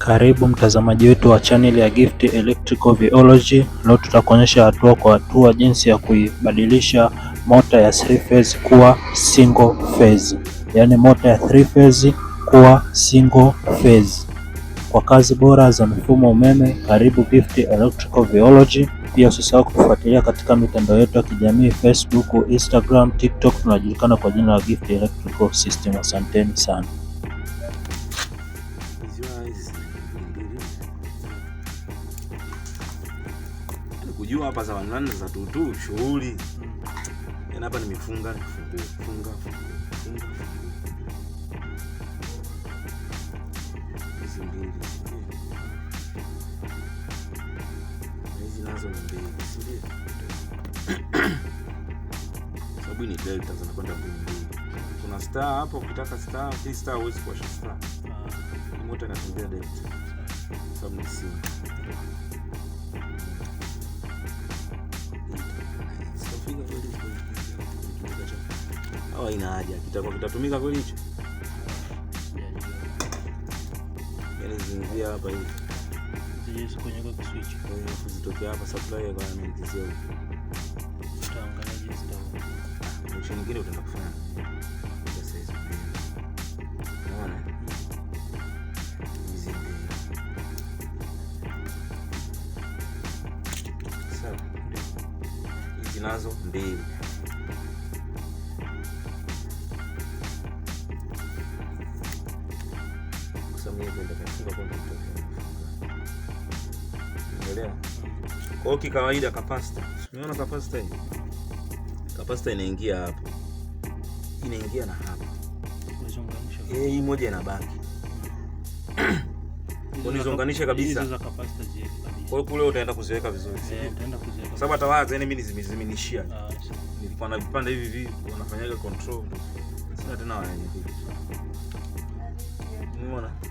Karibu mtazamaji wetu wa channel ya Gift Electrical Biology. Leo tutakuonyesha hatua kwa hatua jinsi ya kuibadilisha mota ya 3 phase kuwa single phase, yaani mota ya 3 phase kuwa single phase kwa kazi bora za mifumo umeme. Karibu Gift Electrical Biology. Pia usisahau kufuatilia katika mitandao yetu ya kijamii Facebook, Instagram, TikTok. Tunajulikana kwa jina la Gift Electrical System. Asanteni sana kujua hapa za wanane za tutu shughuli yana hapa, nimefunga nifungue funga hizi mbili eh. hizi nazo ni mbili, si ndio? Sababu ni delta zinakwenda mbili. Kuna star hapo, ukitaka star, hii star huwezi kuwasha star timu anatembea Delta sababu ni ina haja kitakuwa kitatumika kweli hicho, yaani zinzia hapa hivi kuzitokea hapa supply kwa anaingizia huko, utaangalia jinsi ah, mwisho mwingine utaenda zinazo nazo mbili. Kwa kikawaida kapasita, umeona kapasita hii, kapasita inaingia hapo, inaingia na hapa, hii moja inabaki unizonganishe kabisa. Kwa hiyo kule utaenda kuziweka vizuri, eh, sababu atawaza yani mimi niziminishia, ah, nilikuwa na vipande hivi hivi wanafanyaga control sasa tena unaona mm.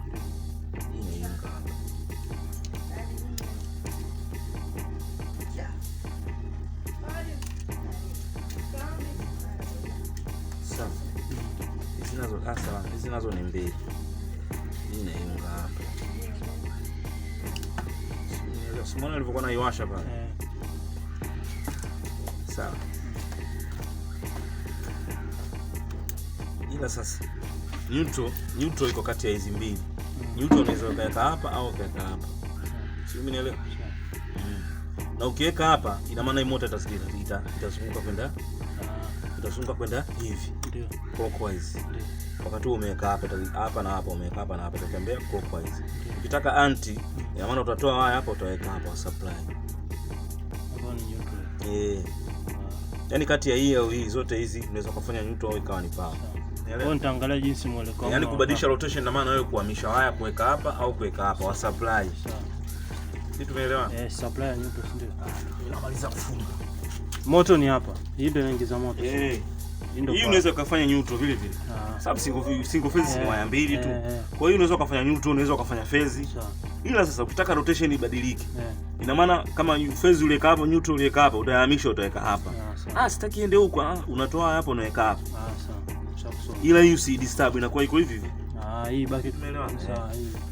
ah, hizi nazo ni mbili, hii na hapa Usimwona nilivyokuwa naiwasha pale. eh. Sawa. Ila sasa neutral, neutral iko kati ya hizi mbili. mm. Neutral unaweza ukaweka hapa au ukaweka hapa. yeah. Mm. Sio mimi naelewa. Mm. Na ukiweka hapa ina maana hii moto itazunguka kwenda utazunguka kwenda hivi clockwise, wakati umeweka hapa hapa na hapa, umeweka hapa na hapa, utatembea clockwise. Ukitaka anti, ina maana utatoa haya hapa, utaweka hapa supply, Hapo ni eh, ah. yaani kati ya hii au hii, zote hizi unaweza kufanya neutral au ikawa ni power. Nitaangalia jinsi mwelekeo, yaani kubadilisha rotation, na maana wewe kuhamisha haya kuweka hapa au kuweka hapa wa supply. Sisi tumeelewana? Eh, supply neutral, ndio ah, inamaliza kufunga Moto ni hapa. Hii ndio inaingiza moto. Eh. Hii unaweza kufanya neutral vile vile. Ah. Sababu single single phase ni waya eh, mbili tu. Eh, eh. Kwa hiyo unaweza kufanya neutral, unaweza kufanya phase. Ila sasa ukitaka rotation ibadilike. Ina maana kama phase uliweka hapo, neutral uliweka hapo, utahamisha utaweka hapa. Ah, ah sitaki iende huko, ah, unatoa hapo unaweka hapo. Ah, sawa. Ila hii usi disturb inakuwa iko hivi hivi. Ah, hii baki tumeelewa. Sawa, hii.